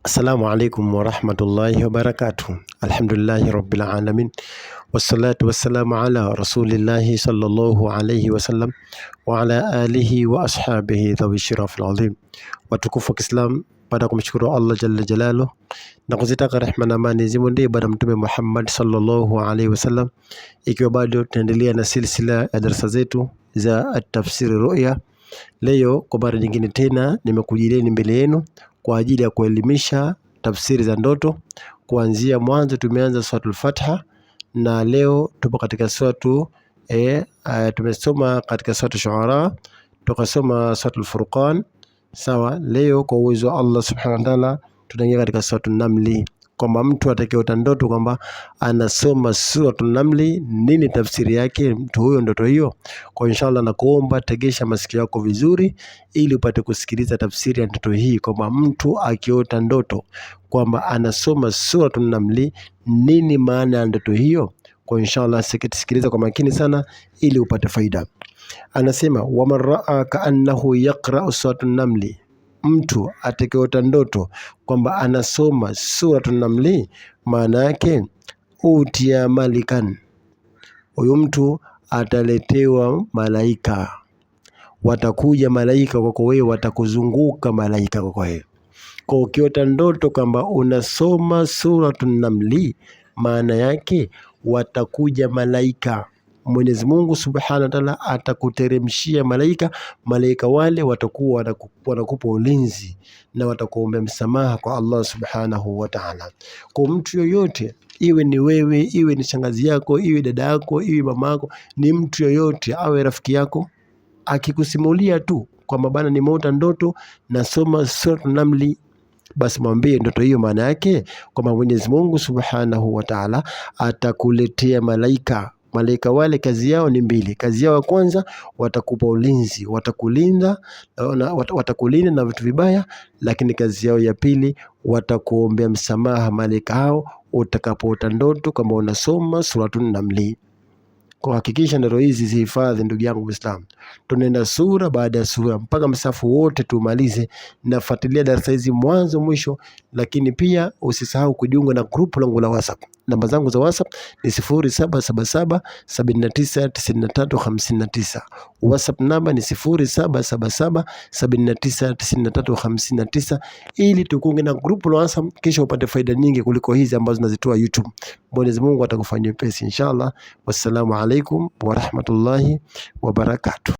Assalamu alaikum warahmatullahi wabarakatuh. Alhamdulillahi rabbil alamin wassalatu wassalamu ala rasulillahi sallallahu alayhi wasallam wa ala alihi wa ashabihi dhawi shirafil azim. Watukufu wa Kiislam, baada ya kumshukuru Allah jalla jalaluh na kuzitaka rehma na amani zimwendee Bwana Mtume Muhammad sallallahu alayhi wasallam, ikiwa bado tunaendelea na silsila ya darasa zetu za tafsiri ruya, leo kwa mara nyingine tena nimekujilieni mbele yenu kwa ajili ya kuelimisha tafsiri za ndoto. Kuanzia mwanzo tumeanza suratul Fatiha na leo tupo katika suratu e, eh, eh, tumesoma katika suratu Shuara, tukasoma suratul Furqan. Sawa, leo kwa uwezo wa Allah subhanahu wa ta'ala tunaingia katika suratu Namli kwamba mtu atakayeota ndoto kwamba anasoma Suratul Namli, nini tafsiri yake mtu huyo ndoto hiyo. Kwa inshallah, na kuomba tegesha masikio yako vizuri, ili upate kusikiliza tafsiri ya ndoto hii, kwamba mtu akiota ndoto kwamba anasoma Suratul Namli, nini maana ya ndoto hiyo. Kwa inshallah, sikiliza kwa makini sana, ili upate faida. Anasema waman raa kaannahu yaqrau Suratul Namli mtu atakayeota ndoto kwamba anasoma Suratun Namli, maana yake utia malikan, huyu mtu ataletewa malaika. Watakuja malaika kwako wewe, watakuzunguka malaika kwako wewe. Kwa ukiota ndoto kwamba unasoma Suratun Namli, maana yake watakuja malaika. Mwenyezi Mungu Subhanahu wa Ta'ala atakuteremshia malaika, malaika wale watakuwa wanakupa ulinzi na watakuombea msamaha kwa Allah Subhanahu wa Ta'ala. Kwa mtu yoyote iwe ni wewe, iwe ni shangazi yako, iwe dada yako, iwe mama yako, ni mtu yoyote awe rafiki yako, akikusimulia tu mabana bana, mota ndoto nasoma sura Namli, basi mwambie ndoto hiyo maana yake kwamba Mwenyezi Mungu Subhanahu wa Ta'ala atakuletea malaika Malaika wale kazi yao ni mbili. Kazi yao ya kwanza watakupa ulinzi, watakulinda na watakulinda na vitu vibaya, lakini kazi yao ya pili watakuombea msamaha malaika hao utakapoota ndoto kama unasoma Suratun Namli. Kwa hakikisha ndoto hizi zihifadhi, ndugu yangu Muislamu. Tunaenda sura baada ya sura mpaka msafu wote tumalize. Nafuatilia darasa hizi mwanzo mwisho, lakini pia usisahau kujiunga na grupu langu la WhatsApp. Namba zangu za WhatsApp ni tisa WhatsApp namba ni tisa ili tukunge na grupu la WhatsApp, kisha upate faida nyingi kuliko hizi ambazo nazitoa YouTube. Mwenyezi Mungu atakufanyia pesa inshallah. Wassalamu alaikum warahmatullahi wabarakatuh.